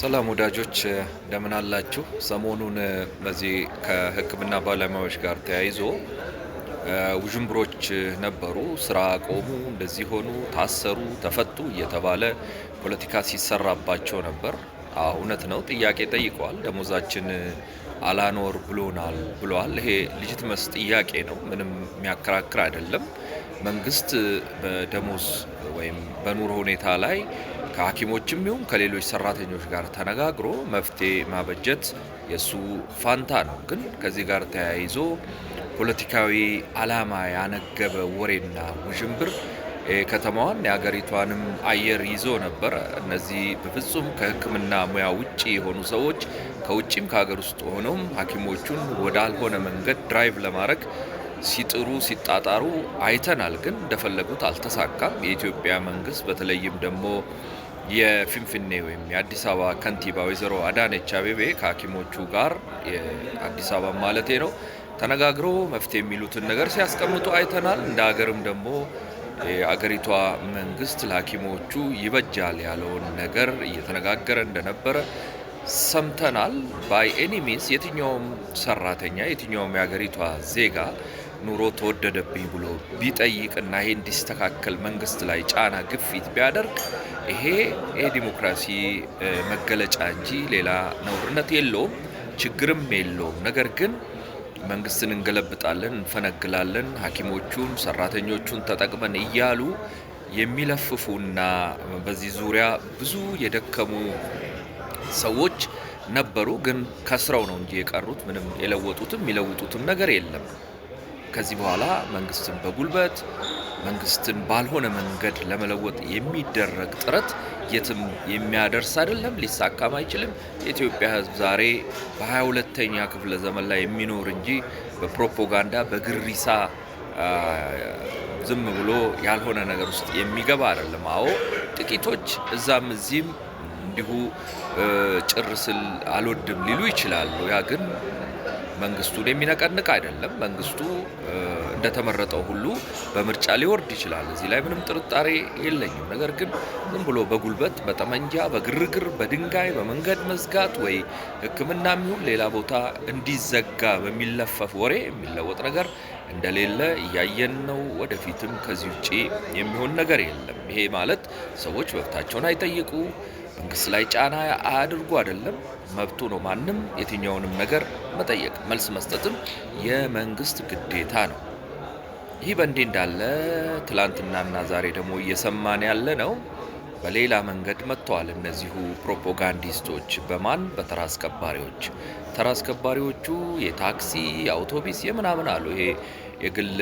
ሰላም ወዳጆች እንደምን አላችሁ? ሰሞኑን በዚህ ከሕክምና ባለሙያዎች ጋር ተያይዞ ውዥንብሮች ነበሩ። ስራ ቆሙ፣ እንደዚህ ሆኑ፣ ታሰሩ፣ ተፈቱ እየተባለ ፖለቲካ ሲሰራባቸው ነበር። እውነት ነው። ጥያቄ ጠይቀዋል። ደሞዛችን አላኖር ብሎናል ብለዋል። ይሄ መስ ጥያቄ ነው። ምንም የሚያከራክር አይደለም። መንግስት በደሞዝ ወይም በኑሮ ሁኔታ ላይ ከሐኪሞችም ይሁን ከሌሎች ሰራተኞች ጋር ተነጋግሮ መፍትሄ ማበጀት የእሱ ፋንታ ነው። ግን ከዚህ ጋር ተያይዞ ፖለቲካዊ ዓላማ ያነገበ ወሬና ውዥንብር ከተማዋን የሀገሪቷንም አየር ይዞ ነበረ። እነዚህ በፍጹም ከሕክምና ሙያ ውጭ የሆኑ ሰዎች ከውጭም ከሀገር ውስጥ ሆነውም ሐኪሞቹን ወዳልሆነ መንገድ ድራይቭ ለማድረግ ሲጥሩ ሲጣጣሩ አይተናል። ግን እንደፈለጉት አልተሳካም። የኢትዮጵያ መንግስት በተለይም ደግሞ የፊንፊኔ ወይም የአዲስ አበባ ከንቲባ ወይዘሮ አዳነች አቤቤ ከሐኪሞቹ ጋር የአዲስ አበባ ማለቴ ነው ተነጋግሮ መፍትሄ የሚሉትን ነገር ሲያስቀምጡ አይተናል። እንደ ሀገርም ደግሞ የአገሪቷ መንግስት ለሐኪሞቹ ይበጃል ያለውን ነገር እየተነጋገረ እንደነበረ ሰምተናል። ባይ ኤኒ ሚንስ የትኛውም ሰራተኛ የትኛውም የአገሪቷ ዜጋ ኑሮ ተወደደብኝ ብሎ ቢጠይቅና ይሄ እንዲስተካከል መንግስት ላይ ጫና ግፊት ቢያደርግ ይሄ የዲሞክራሲ መገለጫ እንጂ ሌላ ነውርነት የለውም፣ ችግርም የለውም። ነገር ግን መንግስትን እንገለብጣለን፣ እንፈነግላለን፣ ሐኪሞቹን ሰራተኞቹን ተጠቅመን እያሉ የሚለፍፉና በዚህ ዙሪያ ብዙ የደከሙ ሰዎች ነበሩ። ግን ከስረው ነው እንጂ የቀሩት ምንም የለወጡትም የሚለውጡትም ነገር የለም። ከዚህ በኋላ መንግስትን በጉልበት መንግስትን ባልሆነ መንገድ ለመለወጥ የሚደረግ ጥረት የትም የሚያደርስ አይደለም፣ ሊሳካም አይችልም። የኢትዮጵያ ሕዝብ ዛሬ 22 ሁለተኛ ክፍለ ዘመን ላይ የሚኖር እንጂ በፕሮፓጋንዳ በግሪሳ ዝም ብሎ ያልሆነ ነገር ውስጥ የሚገባ አይደለም። አዎ ጥቂቶች እዛም እዚህም እንዲሁ ጭር ስል አልወድም ሊሉ ይችላሉ። ያ ግን መንግስቱን የሚነቀንቅ አይደለም። መንግስቱ እንደተመረጠው ሁሉ በምርጫ ሊወርድ ይችላል። እዚህ ላይ ምንም ጥርጣሬ የለኝም። ነገር ግን ዝም ብሎ በጉልበት በጠመንጃ በግርግር በድንጋይ በመንገድ መዝጋት ወይ ሕክምና የሚሆን ሌላ ቦታ እንዲዘጋ በሚለፈፍ ወሬ የሚለወጥ ነገር እንደሌለ እያየን ነው። ወደፊትም ከዚህ ውጭ የሚሆን ነገር የለም። ይሄ ማለት ሰዎች መብታቸውን አይጠይቁ መንግስት ላይ ጫና አድርጎ አይደለም፣ መብቱ ነው። ማንም የትኛውንም ነገር መጠየቅ መልስ መስጠትም የመንግስት ግዴታ ነው። ይህ በእንዲህ እንዳለ ትላንትናና ዛሬ ደግሞ እየሰማን ያለ ነው በሌላ መንገድ መጥተዋል። እነዚሁ ፕሮፓጋንዲስቶች በማን በተራ አስከባሪዎች። ተራ አስከባሪዎቹ የታክሲ የአውቶቢስ የምናምን አሉ። ይሄ የግል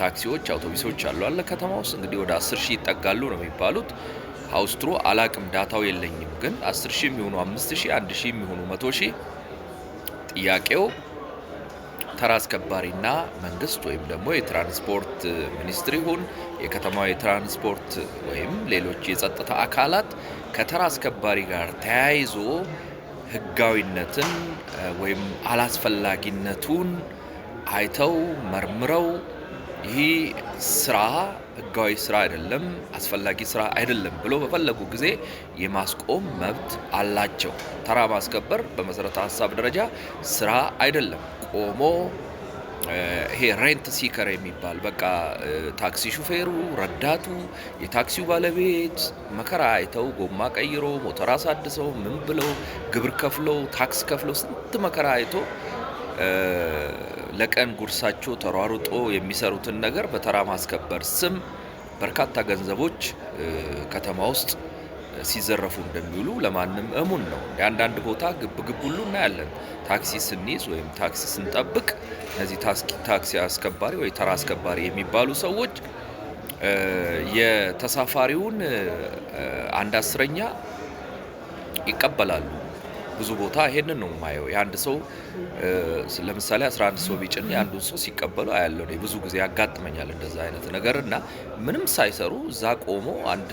ታክሲዎች አውቶቢሶች አሉ አለ ከተማ ውስጥ እንግዲህ ወደ አስር ሺህ ይጠጋሉ ነው የሚባሉት አውስትሮ አላቅም፣ ዳታው የለኝም። ግን 10 ሺህ የሚሆኑ 5 ሺህ 1 ሺህ የሚሆኑ 100 ሺህ ጥያቄው ተራ አስከባሪና መንግስት ወይም ደግሞ የትራንስፖርት ሚኒስትር ይሁን የከተማ የትራንስፖርት ወይም ሌሎች የጸጥታ አካላት ከተራ አስከባሪ ጋር ተያይዞ ህጋዊነትን ወይም አላስፈላጊነቱን አይተው መርምረው ይህ ስራ ህጋዊ ስራ አይደለም፣ አስፈላጊ ስራ አይደለም ብሎ በፈለጉ ጊዜ የማስቆም መብት አላቸው። ተራ ማስከበር በመሰረተ ሀሳብ ደረጃ ስራ አይደለም። ቆሞ ይሄ ሬንት ሲከር የሚባል በቃ ታክሲ ሹፌሩ፣ ረዳቱ፣ የታክሲው ባለቤት መከራ አይተው ጎማ ቀይሮ ሞተር አሳድሰው ምን ብለው ግብር ከፍለው ታክስ ከፍለው ስንት መከራ አይቶ ለቀን ጉርሳቸው ተሯሩጦ የሚሰሩትን ነገር በተራ ማስከበር ስም በርካታ ገንዘቦች ከተማ ውስጥ ሲዘረፉ እንደሚውሉ ለማንም እሙን ነው። የአንዳንድ ቦታ ግብግብ ሁሉ እናያለን። ታክሲ ስንይዝ ወይም ታክሲ ስንጠብቅ እነዚህ ታክሲ አስከባሪ ወይ ተራ አስከባሪ የሚባሉ ሰዎች የተሳፋሪውን አንድ አስረኛ ይቀበላሉ። ብዙ ቦታ ይሄንን ነው የማየው። የአንድ ሰው ለምሳሌ 11 ሰው ቢጭን የአንዱን ሰው ሲቀበሉ አያለው። ብዙ ጊዜ ያጋጥመኛል እንደዛ አይነት ነገር እና ምንም ሳይሰሩ እዛ ቆሞ አንድ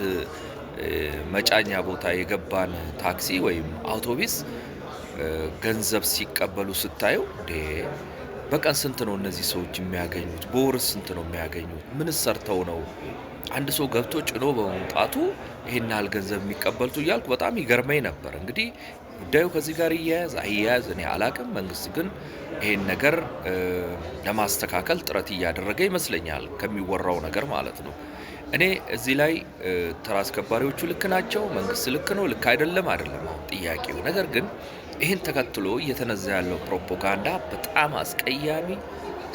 መጫኛ ቦታ የገባን ታክሲ ወይም አውቶቢስ ገንዘብ ሲቀበሉ ስታዩ እንዴ በቀን ስንት ነው እነዚህ ሰዎች የሚያገኙት? በወር ስንት ነው የሚያገኙት? ምን ሰርተው ነው አንድ ሰው ገብቶ ጭኖ በመምጣቱ ይሄን ያህል ገንዘብ የሚቀበሉት እያልኩ በጣም ይገርመኝ ነበር። እንግዲህ ጉዳዩ ከዚህ ጋር እያያዝ አያያዝ እኔ አላቅም። መንግስት ግን ይህን ነገር ለማስተካከል ጥረት እያደረገ ይመስለኛል፣ ከሚወራው ነገር ማለት ነው። እኔ እዚህ ላይ ተራ አስከባሪዎቹ ልክ ናቸው፣ መንግስት ልክ ነው፣ ልክ አይደለም አይደለም አሁን ጥያቄው። ነገር ግን ይህን ተከትሎ እየተነዛ ያለው ፕሮፓጋንዳ በጣም አስቀያሚ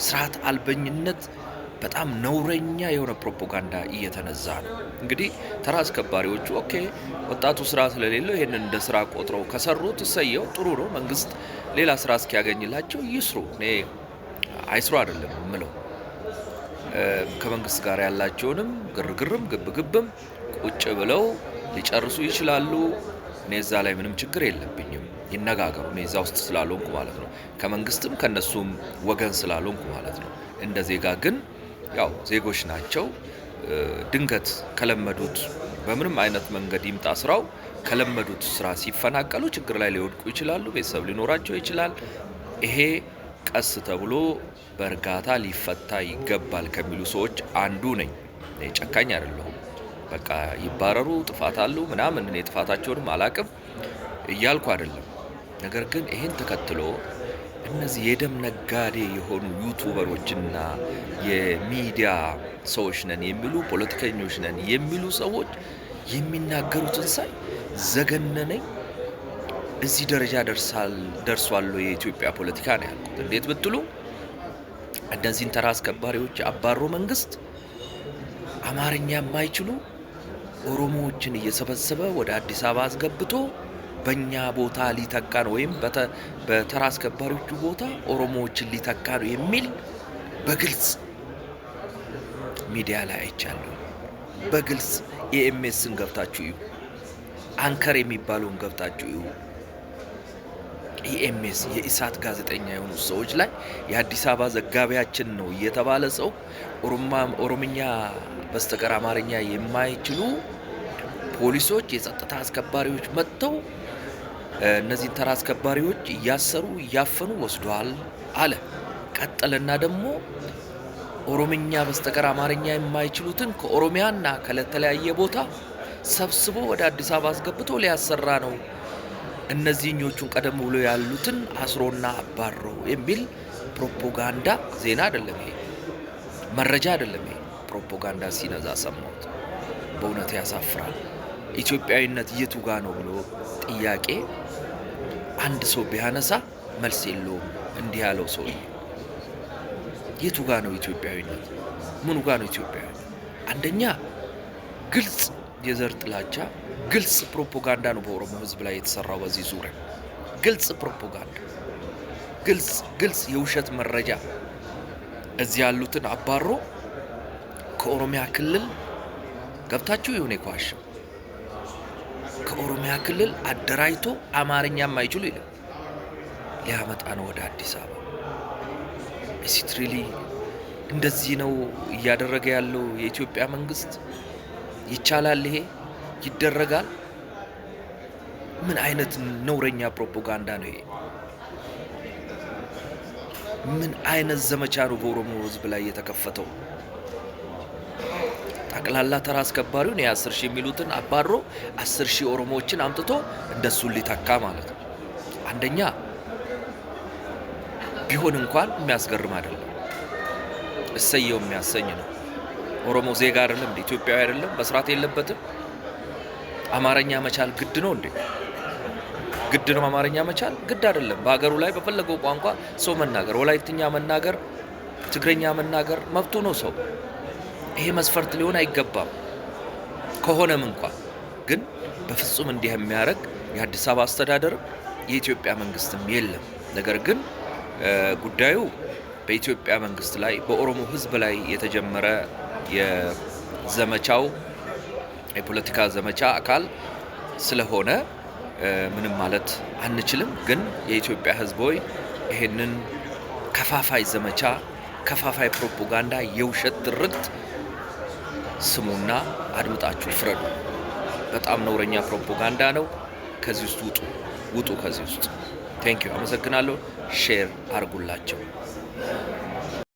ስርዓት አልበኝነት በጣም ነውረኛ የሆነ ፕሮፓጋንዳ እየተነዛ ነው። እንግዲህ ተራ አስከባሪዎቹ ኦኬ፣ ወጣቱ ስራ ስለሌለው ይህንን እንደ ስራ ቆጥረው ከሰሩት እሰየው፣ ጥሩ ነው። መንግስት ሌላ ስራ እስኪያገኝላቸው ይስሩ። እኔ አይስሩ አይደለም ምለው ከመንግስት ጋር ያላቸውንም ግርግርም ግብግብም ቁጭ ብለው ሊጨርሱ ይችላሉ። እኔ እዛ ላይ ምንም ችግር የለብኝም። ይነጋገሩ። እኔ እዛ ውስጥ ስላልሆንኩ ማለት ነው። ከመንግስትም ከነሱም ወገን ስላልሆንኩ ማለት ነው። እንደ ዜጋ ግን ያው ዜጎች ናቸው። ድንገት ከለመዱት በምንም አይነት መንገድ ይምጣ ስራው ከለመዱት ስራ ሲፈናቀሉ ችግር ላይ ሊወድቁ ይችላሉ። ቤተሰብ ሊኖራቸው ይችላል። ይሄ ቀስ ተብሎ በእርጋታ ሊፈታ ይገባል ከሚሉ ሰዎች አንዱ ነኝ። ጨካኝ አይደለሁም። በቃ ይባረሩ፣ ጥፋት አሉ ምናምን፣ እኔ ጥፋታቸውንም አላቅም እያልኩ አይደለም። ነገር ግን ይህን ተከትሎ እነዚህ የደም ነጋዴ የሆኑ ዩቱበሮችና የሚዲያ ሰዎች ነን የሚሉ ፖለቲከኞች ነን የሚሉ ሰዎች የሚናገሩትን ሳይ ዘገነነኝ። እዚህ ደረጃ ደርሷል የኢትዮጵያ ፖለቲካ ነው ያልኩት። እንዴት ብትሉ እነዚህን ተራ አስከባሪዎች አባሮ መንግስት አማርኛ የማይችሉ ኦሮሞዎችን እየሰበሰበ ወደ አዲስ አበባ አስገብቶ በእኛ ቦታ ሊተካ ነው ወይም በተራ አስከባሪዎቹ ቦታ ኦሮሞዎችን ሊተካ ነው የሚል በግልጽ ሚዲያ ላይ አይቻለሁ። በግልጽ ኤኤምኤስን ገብታችሁ ይሁ አንከር የሚባለውን ገብታችሁ ይሁ ኢኤምኤስ የኢሳት ጋዜጠኛ የሆኑ ሰዎች ላይ የአዲስ አበባ ዘጋቢያችን ነው እየተባለ ሰው ኦሮምኛ በስተቀር አማርኛ የማይችሉ ፖሊሶች፣ የጸጥታ አስከባሪዎች መጥተው እነዚህን ተራ አስከባሪዎች እያሰሩ እያፈኑ ወስደዋል አለ። ቀጠለና ደግሞ ኦሮምኛ በስተቀር አማርኛ የማይችሉትን ከኦሮሚያና ከለተለያየ ቦታ ሰብስቦ ወደ አዲስ አበባ አስገብቶ ሊያሰራ ነው እነዚህኞቹን ቀደም ብሎ ያሉትን አስሮና አባሮ የሚል ፕሮፓጋንዳ ዜና አይደለም፣ ይሄ መረጃ አይደለም፣ ይሄ ፕሮፓጋንዳ ሲነዛ ሰማሁት። በእውነት ያሳፍራል። ኢትዮጵያዊነት የቱ ጋ ነው ብሎ ጥያቄ አንድ ሰው ቢያነሳ መልስ የለውም። እንዲህ ያለው ሰውዬ የቱ ጋ ነው ኢትዮጵያዊነት? ምኑ ጋ ነው ኢትዮጵያዊ አንደኛ ግልጽ የዘር ጥላቻ፣ ግልጽ ፕሮፓጋንዳ ነው በኦሮሞ ሕዝብ ላይ የተሰራው በዚህ ዙሪያ ግልጽ ፕሮፓጋንዳ፣ ግልጽ ግልጽ የውሸት መረጃ እዚህ ያሉትን አባሮ ከኦሮሚያ ክልል ገብታችሁ የሆነ የኳሸው ከኦሮሚያ ክልል አደራጅቶ አማርኛ የማይችሉ ይለም ሊያመጣ ነው ወደ አዲስ አበባ። ኢሲትሪሊ እንደዚህ ነው እያደረገ ያለው የኢትዮጵያ መንግስት። ይቻላል፣ ይሄ ይደረጋል። ምን አይነት ነውረኛ ፕሮፓጋንዳ ነው ይሄ? ምን አይነት ዘመቻ ነው በኦሮሞ ህዝብ ላይ የተከፈተው? ጠቅላላ ተራ አስከባሪውን የ10 ሺህ የሚሉትን አባሮ 10 ሺህ ኦሮሞዎችን አምጥቶ እንደሱን ሊተካ ማለት ነው። አንደኛ ቢሆን እንኳን የሚያስገርም አይደለም፣ እሰየው የሚያሰኝ ነው። ኦሮሞ ዜጋ አይደለም እንዴ? ኢትዮጵያዊ አይደለም? መስራት የለበትም? አማርኛ መቻል ግድ ነው እንዴ? ግድ ነው አማርኛ መቻል? ግድ አይደለም። በሀገሩ ላይ በፈለገው ቋንቋ ሰው መናገር፣ ወላይትኛ መናገር፣ ትግረኛ መናገር መብቱ ነው ሰው ይሄ መስፈርት ሊሆን አይገባም። ከሆነም እንኳ ግን በፍጹም እንዲህ የሚያደርግ የአዲስ አበባ አስተዳደር የኢትዮጵያ መንግስትም የለም። ነገር ግን ጉዳዩ በኢትዮጵያ መንግስት ላይ በኦሮሞ ህዝብ ላይ የተጀመረ የዘመቻው የፖለቲካ ዘመቻ አካል ስለሆነ ምንም ማለት አንችልም። ግን የኢትዮጵያ ህዝብ ሆይ ይህንን ከፋፋይ ዘመቻ ከፋፋይ ፕሮፓጋንዳ የውሸት ድርግት ስሙና አድምጣችሁ ፍረዱ። በጣም ነውረኛ ፕሮፓጋንዳ ነው። ከዚህ ውስጥ ውጡ፣ ውጡ ከዚህ ውስጥ። ቴንኪዩ፣ አመሰግናለሁ። ሼር አርጉላቸው